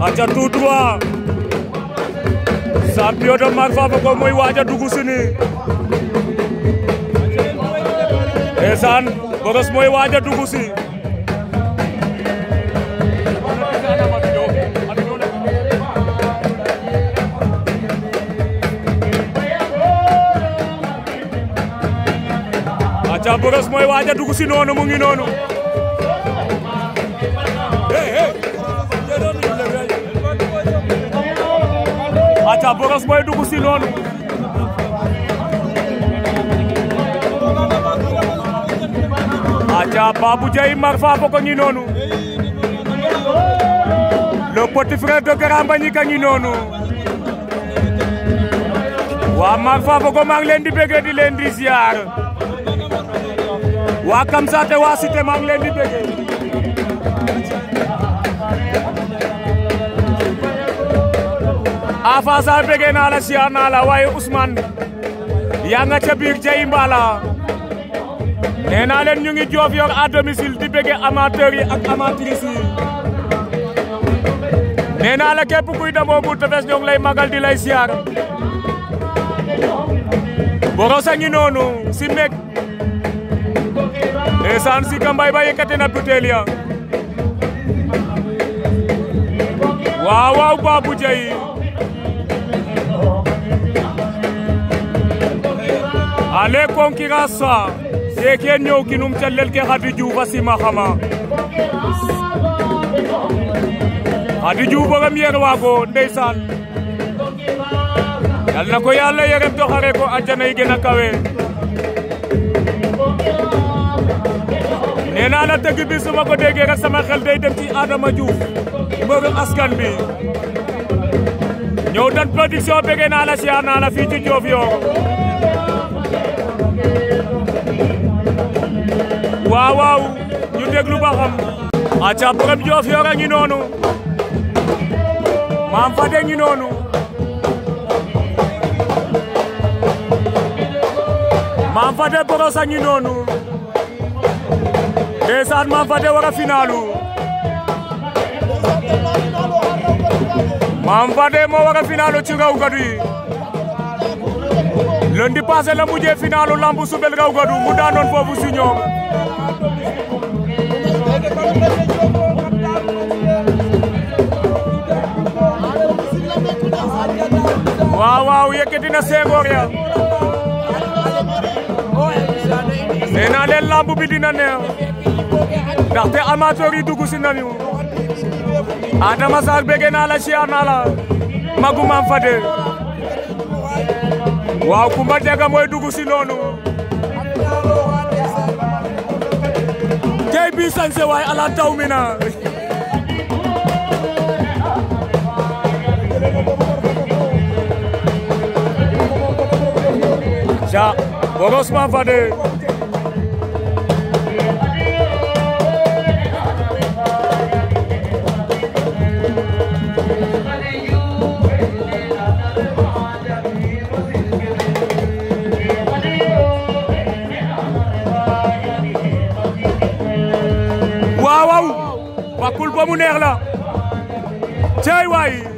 aca tout droit champion Mar Fafa ko mooy waaja dugg si nii ndeysaan Brosse mooy waaja dugg si aca Brosse mooy waaja dugg si noonu mu ngi noonu aca boros mooy dugg si aja aca Babou Dieye Marfa Boko ngi noonu le petit frère de Grand Mbagnick kan a ngi noonu wa Marfa Boko maa ngi di bëggee di leen di ziar waa Kamsa te Cité di Rafa Sarr bege na la siyaar na la waaye Ousmane ya nga ca bir jey mbala neena len ñu ngi jof yo a domicile di bege amateur yi ak amatrice yi neena la kep kuy damoo bu tefes ñoo lay magal di lay bo sa ngi nonu si meg ndeysaan si kambay ba yëkkati na butéel ya waaw waaw ale konkira sa seke ñow kinum callel ke Khady Diouf a simaxama Khady Diouf borom yer waago ndeysaan yal na ko Yàlla yerem to xare ko àjjana yi gën a kawe nee naa la tëgg bi su ma ko déggee rek xel day dem ci Adama Diouf mbëru askan bi ñëw dan production naa la siyaar naa la fii ci Diofior waaw waaw ñu déglu ba xam aca borom Diof yor a ngi noonu Mame Fadé ngi noonu Mame Fadé boros a ngi noonu ndeysaan Mame Fadé war a finalu Mame Fadé moo war a finalu ci raw gadu lundi passé la mujjee finalu lambu Soubel Rawgadou mu daanoon foofu si ñoom waaw waaw na sengoor ya nee naa bi dina neex ndaxte amateur yi dugg si nañu Adama Sarr bëgg naa la siyaar naa la magu maam Fade waaw Kumba Tega mooy dugg si noonu tey waay ala taw mi na ja Borousman Fade waa Poul ba mu neex la cey waay